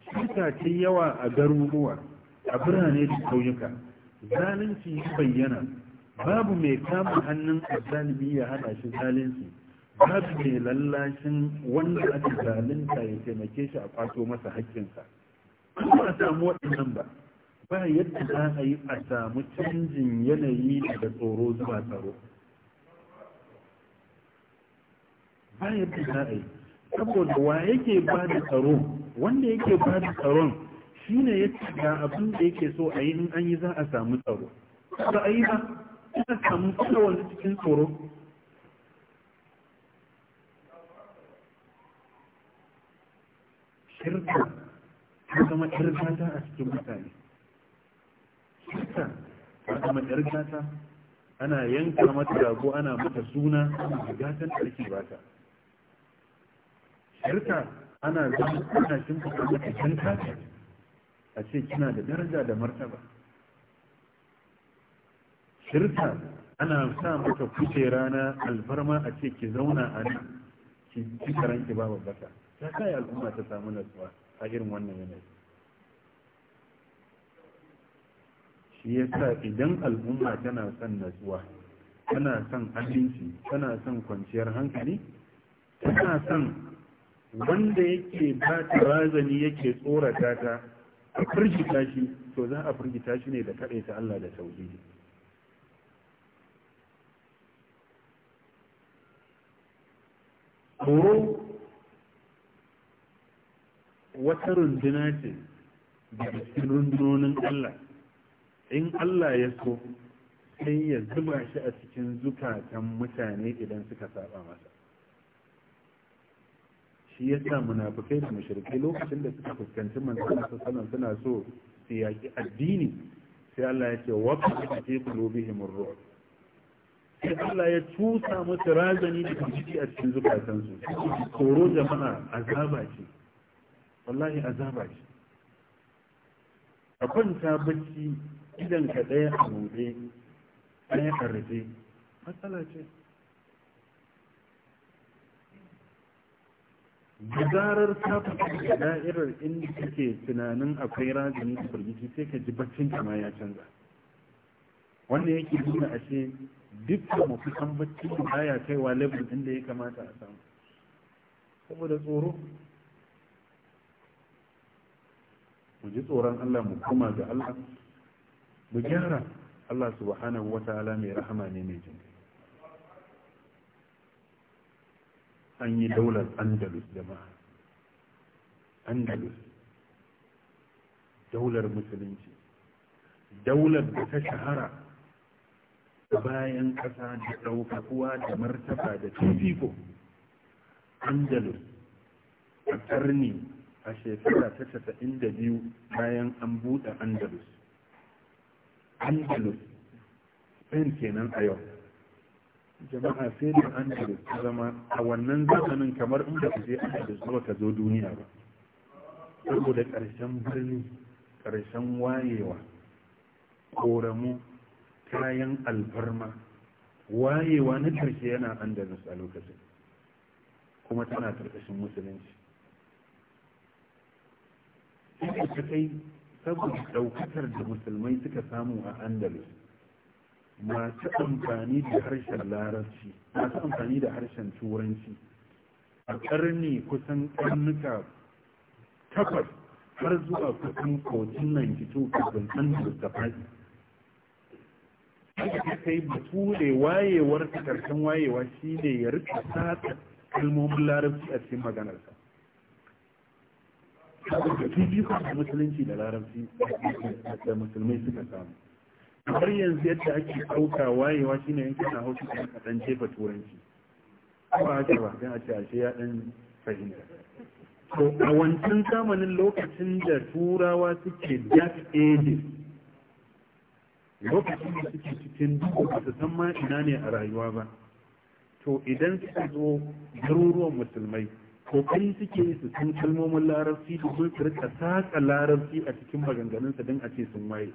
Shuka ta yawa a garuruwa a birane da kauyuka zalunci ya bayyana babu mai kama hannun zalibi ya hada shi zalunci babu mai lallashin wanda aka zalunta ya taimake shi a kwato masa haƙƙinsa ba a samu waɗannan ba ba yadda za a yi a samu canjin yanayi daga tsoro zuwa tsaro ba yadda za a yi saboda wa yake ba da tsaro wanda yake ba da tsaron shi ne ya ga abin da yake so a yi in an yi za a samu tsaro ba a yi ba ina samu kuma wanda cikin tsoro shirka ta zama ƙirgata a cikin mutane ma yar gata ana yanka mata rago ana mata suna da gatan da ake bata shirka ana zama ana shimfiɗa mata kyanta a ce kina da daraja da martaba shirka ana sa mata kuce rana alfarma a ce ki zauna a nan ki karanki babu bata ta kai al'umma ta samu nasuwa a irin wannan yanayi shi yasa idan al'umma tana son natsuwa tana son aminci tana son kwanciyar hankali tana son wanda yake ba ta razani yake tsorata ta a firgita shi to za a firgita shi ne da ta Allah da tauhidi tsoro wata runduna ce da cikin rundunonin Allah in Allah ya so sai ya zuba shi a cikin zukatan mutane idan suka saba masa shi ya sa munafukai da mashirki lokacin da suka fuskanci manzon suna so su yaki addini sai Allah ya ce wa qad fi qulubihim ar ruwa, sai Allah ya tusa musu razani da kici a cikin zukatan su tsoro jama'a azaba ce wallahi azaba ce a kwanta bacci idan ka ɗaya a buɗe ɗaya a rufe matsala ce da zarar ta fita da da'irar inda kake tunanin akwai rajin da firgici sai ka ji baccin kama ya canza wannan yake nuna ashe dukkan mafi san bacci baya kaiwa level din da ya kamata a samu saboda tsoro mu ji tsoron Allah mu koma ga Allah mu gyara Allah subhanahu wa ta'ala mai rahama ne mai jin an yi daular andalus jama'a andalus daular musulunci daular da ta shahara bayan ƙasa da ɗaukakuwa da martaba da tufiko andalus a ƙarni a shekara ta 92 bayan an buɗe andalus andalus ɗin kenan a yau jama'a sai da andalus ta zama a wannan zamanin kamar inda ka je andalus ba ka zo duniya ba saboda ƙarshen birni ƙarshen wayewa ƙoramu, kayan alfarma wayewa na ƙarshe yana andalus a lokacin kuma tana ƙarƙashin musulunci sai ta kai saboda ɗaukakar da musulmai suka samu a andalus masu amfani da harshen larabci masu amfani da harshen turanci a ƙarni kusan ƙarnuka takwas har zuwa kusan 1492 kafin andalus ta faɗi aka kai bature wayewar karshen wayewa shi ne ya rika sata kalmomin larabci a cikin maganarsa saboda fifikon da musulunci da larabci da musulmai suka samu kamar yanzu yadda ake ɗauka wayewa shine yankin na hausa kan kaɗan jefa turanci ba haka ba sai a ce ashe ya ɗan fahimta to a wancan zamanin lokacin da turawa suke dark ages lokacin da suke cikin duka ba su san ma ina ne a rayuwa ba to idan suka zo garuruwan musulmai kokari suke su san kalmomin larabci da su rika saka larabci a cikin maganganunsa don a ce sun waye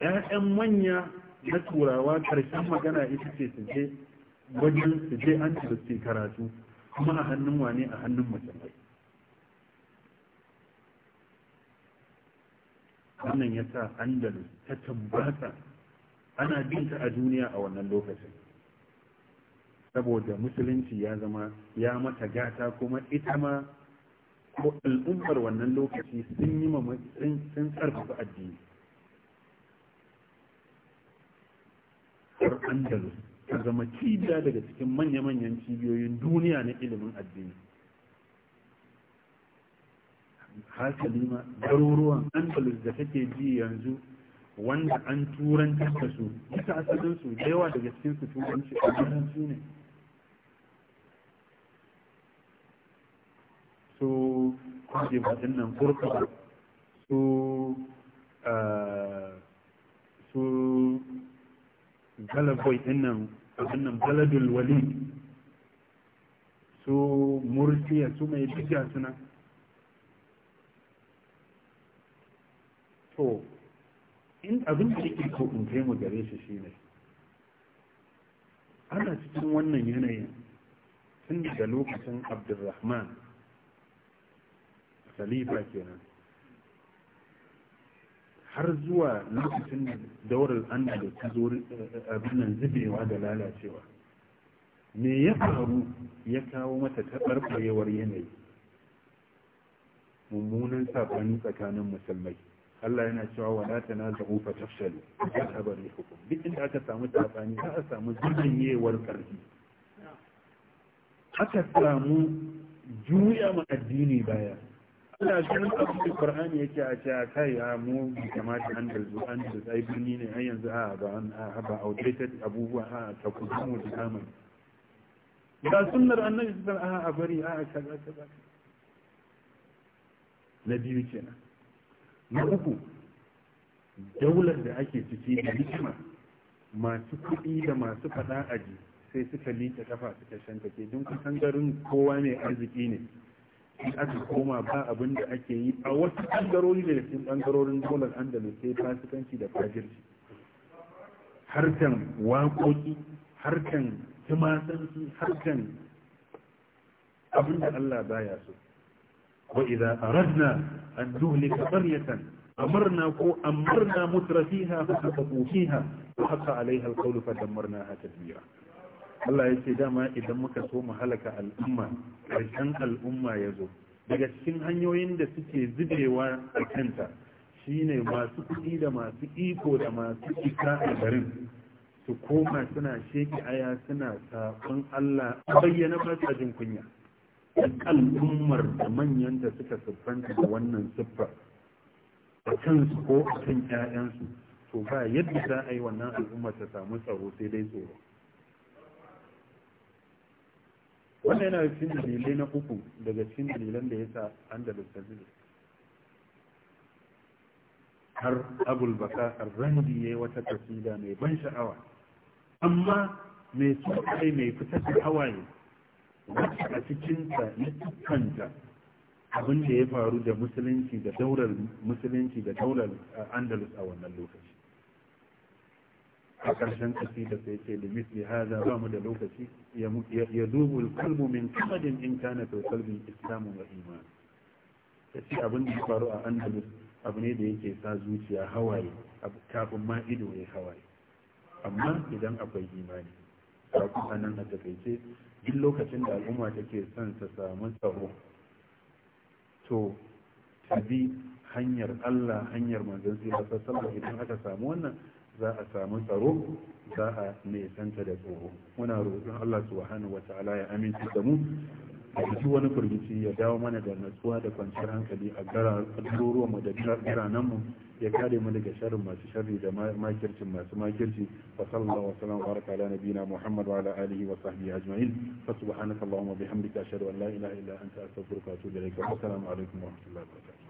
‘ya'yan manya na turawa ƙarshen magana ita ce su je wajen su je an da su karatu kuma a hannun wane a hannun mace wannan ya sa andalus ta tabbata ana binta a duniya a wannan lokacin saboda musulunci ya zama ya mata gata kuma ita ma ko al'ummar wannan lokaci sun yi ma sun karfafa addini har andalus ta zama cibiya daga cikin manya-manyan cibiyoyin duniya na ilimin addini hasali ma garuruwan andalus da take ji yanzu wanda an turanci da su ita asalin da yawa daga cikin su turanci a ne su kwaje batun nan kurkuku su su galaboi din nan abin nan baladul wali su murtiya su mai bija suna to in abin da yake ko in kai mu gare shi ne ana cikin wannan yanayin tun da lokacin abdulrahman khalifa kenan har zuwa lokacin daurar annabi da ta zo eh, abin nan zubewa da lalacewa me ya faru ya kawo mata taɓarɓarewar yanayi mummunan saɓani tsakanin musulmai Allah yana cewa wala tanaza'u fa tafshalu ya tabar hukum duk inda aka samu saɓani za a samu zubanyewar ƙarfi aka samu juya ma addini baya ina ganin abin da Qur'ani yake a ce a kai a mu bi kamata an da zuwa da ai birni ne ai yanzu a ba an a ba outdated abubuwa a ta kuma mu da zamani da sunnar annan sallallahu alaihi wasallam a bari a kaza kaza na biyu kenan na uku daular da ake ciki da hikima masu kuɗi da masu faɗa aji sai suka liƙe kafa suka shanta ke don kusan garin kowa mai arziki ne in aka koma ba abin da ake yi a wasu ɓangarori da cikin ɓangarorin dolar andalus sai fasikanci da fajirci harkan waƙoƙi harkan tumasanci harkan abin da allah baya so wa idza aradna an nuhlika qaryatan amarna ko amarna mutrafiha fa taqu fiha wa haqa alaiha alqawlu fa damarnaha tadmira Allah ya ce dama idan muka so mu halaka al'umma karshen al'umma ya zo daga cikin hanyoyin da suke zubewa a kanta shine masu kuɗi da masu iko da masu ika a garin su koma suna sheki aya suna saƙon Allah a bayyana ba jin kunya al'ummar da manyan da suka siffanta da wannan siffa a kansu ko a kan 'ya'yansu to ba yadda za a yi wannan al'ummar ta samu tsaro sai dai tsoro wannan yana cikin dalilai na uku daga cikin dalilan da ya sa an da lissazili har abul baka arrandi ya yi wata kasida mai ban sha'awa amma mai tsokai mai fitar da hawaye wacce a cikinsa ya tukanta abin da ya faru da musulunci da daular musulunci da daular eh, andalus a wannan lokaci a ƙarshen kasida sai ce da misli haza ba mu da lokaci ya dubu kalbu min kamadin in kana to kalbin islamu wa iman ta ce abin da ya faru a andalus abu ne da yake sa zuciya hawaye kafin ma ido ya hawaye amma idan akwai imani ku a nan a takaice duk lokacin da al'umma take son ta samu tsaro to ta bi hanyar Allah hanyar manzansu ya idan aka samu wannan za a samu tsaro za a nesanta da tsoro muna roƙon Allah subhanahu wata'ala ya aminci da mu a ciki wani furgici ya dawo mana da natsuwa da kwanciyar hankali a garuruwan mu da biranen mu ya kare mu daga sharrin masu sharri da makircin masu makirci wa sallallahu wa sallam baraka ala nabiyina muhammad wa ala alihi wa sahbihi ajma'in fa subhanaka allahumma bihamdika ashhadu an la ilaha illa anta astaghfiruka wa atubu ilaik wa assalamu alaikum wa rahmatullahi wa barakatuh